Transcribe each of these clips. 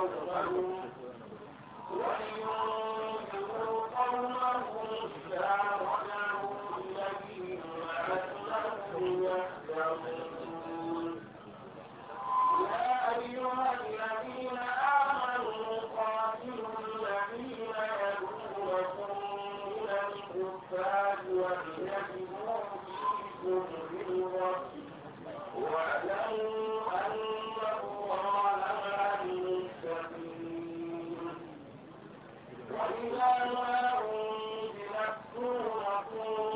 يوفقون وينذروا قومهم إلى ما أنزلت سورة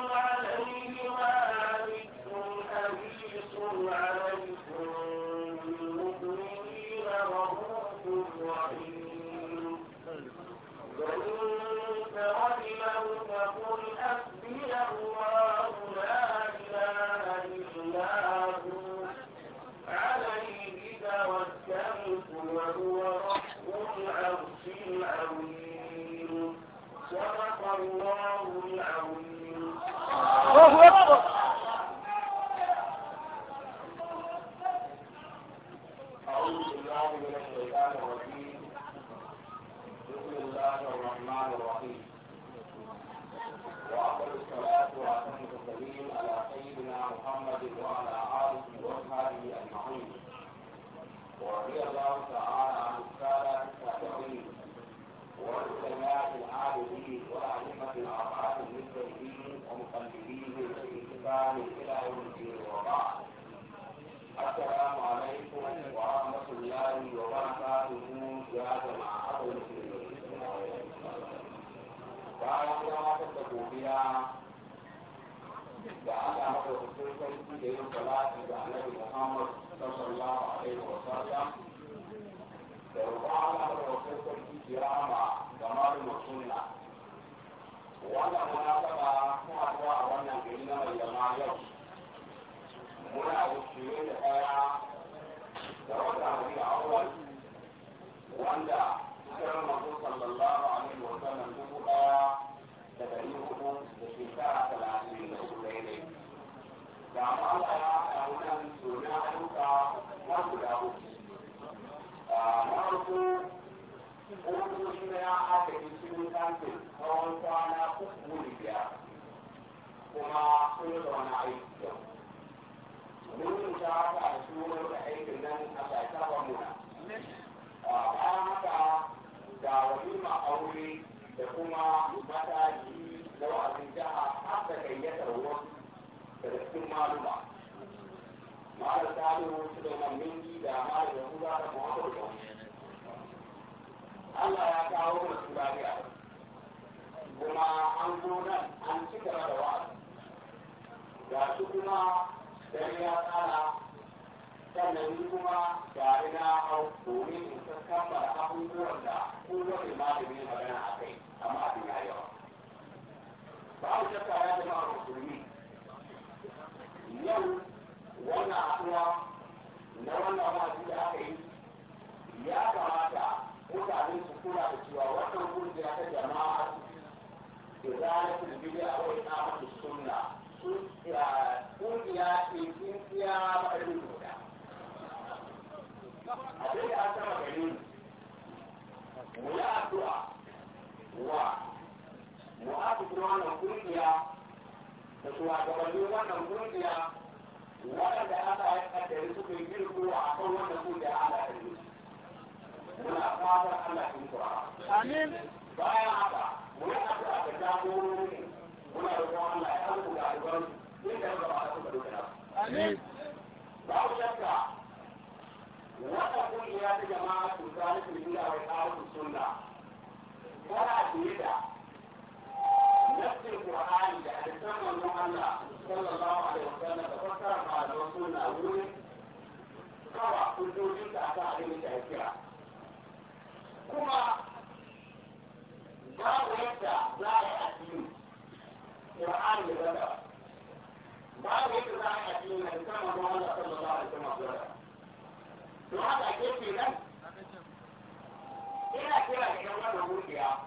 الله bayan gabatar da godiya da Allah madaukakin sarki da yin salati da annabi Muhammad sallallahu alaihi wa sallam da roƙon Allah madaukakin sarki kirama ga malumin sunna wannan munasaba kuma zuwa a wannan gari na mai zama yau muna wuce da ɗaya da wata a awwal wanda kuma sun yi wani aiki da mun ta haka da su wani aikin nan a shaƙa wa muna bayan haka tsakanin da Mali da da Muhammadu Allah ya kawo mana su lafiya kuma an zo nan an ci gaba da wa'azi ga su kuma dan ya tsara sannan ni kuma ga na hau domin in san kammala abubuwan da kowane malami magana a cikin wannan kungiya da wannan kungiya waɗanda aka yi yi girko a kan wannan kungiya ala da muna fatan Allah ya kura amin bayan haka mun yi ta muna roƙon Allah ya san ku da nan amin babu shakka wata kungiya ta jama'a su zalisu ne a wata sunna tana fiye محمد صلى الله عليه وسلم تفكر مع الرسول الأول طبعا كل ذلك أتى من تأثيرا كما جاء يبدأ لا الدين قرآن يبدأ بعد يبدأ الدين كما قال صلى الله عليه وسلم وهذا كيف لك إلى كلا الحيوان المرجعة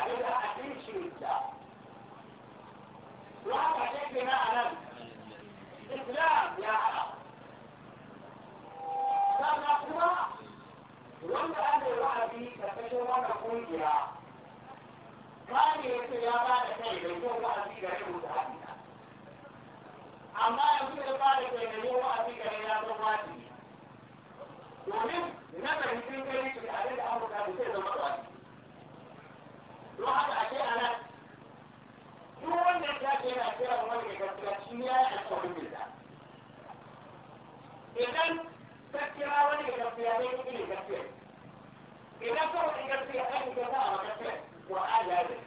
عليها أكيد شيء وهذا شيء ما أعلم إسلام يا عرب كان أقوى وأنا أنا وأبي تكشف وأنا أقول يا كان يتجاوز كيف يكون وأبي غير متحدث amma yanzu da ba da kai yau a cikin ya zama wajibi domin na fahimcin gari su da abin da idan ta kira wani gaskiya ne ne gaskiya idan kawai gaskiya ɗan gaza a gaskiya wa ala da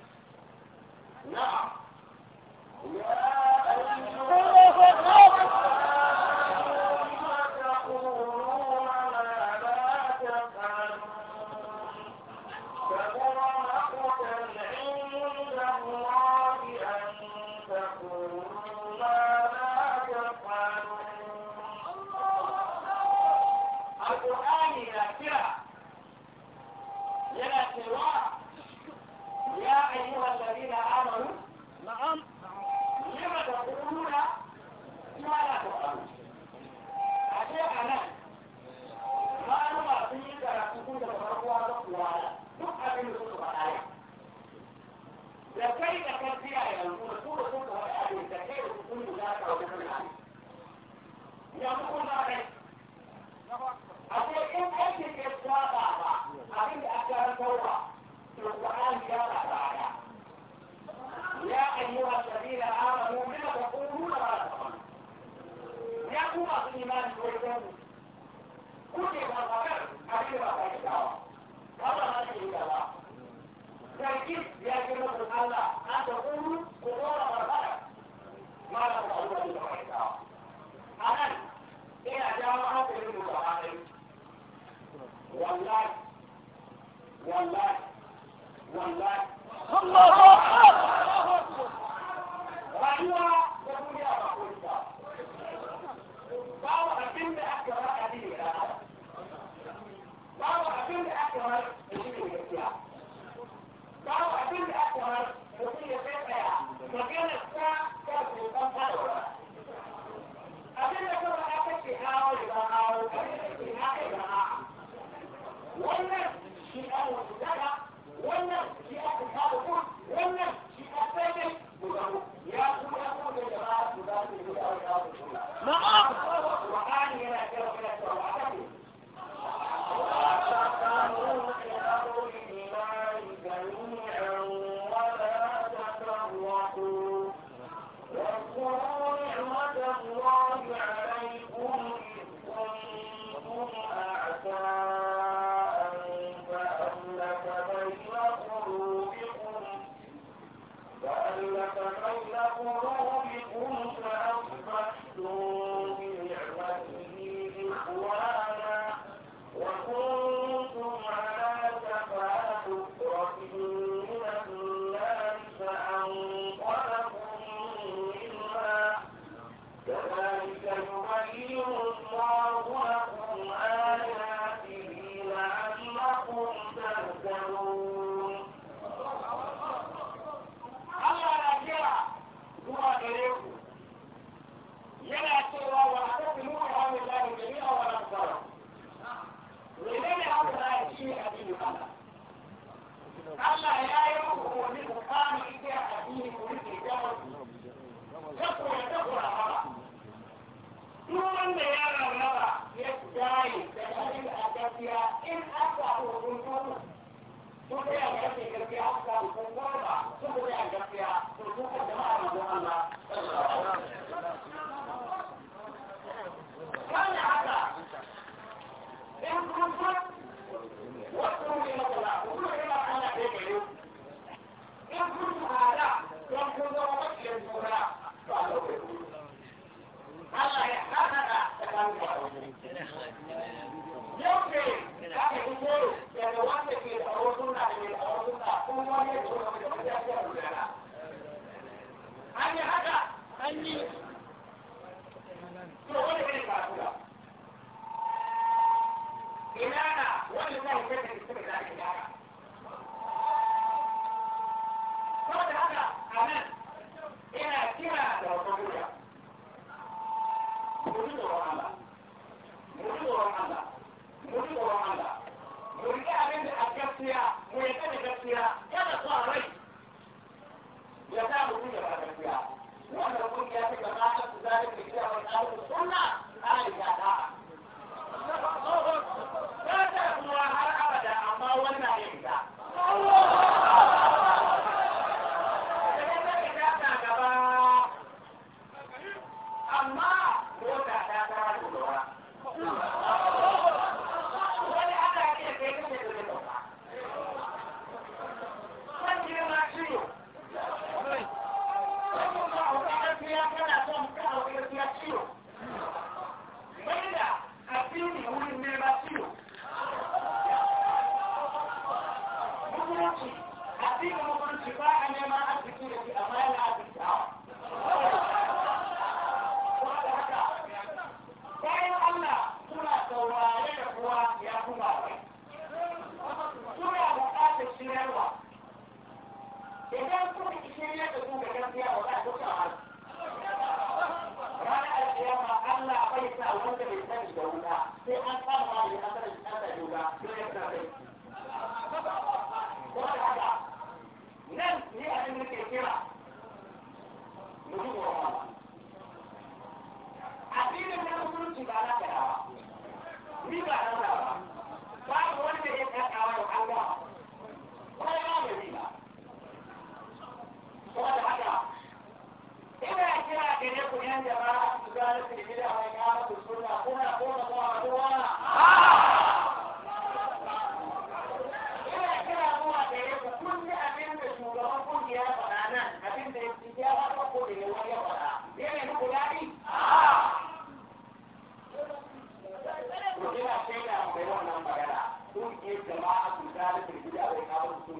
va a que dejado su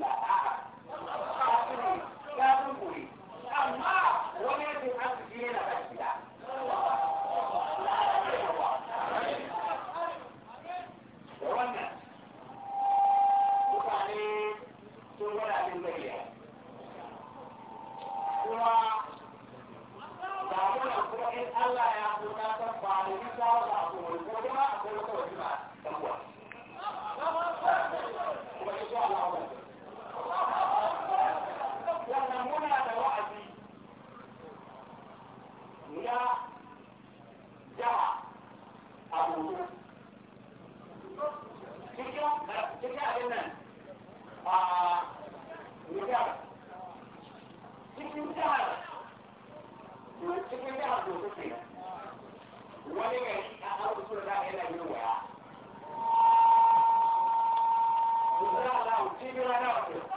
Şimdi bana atıyor.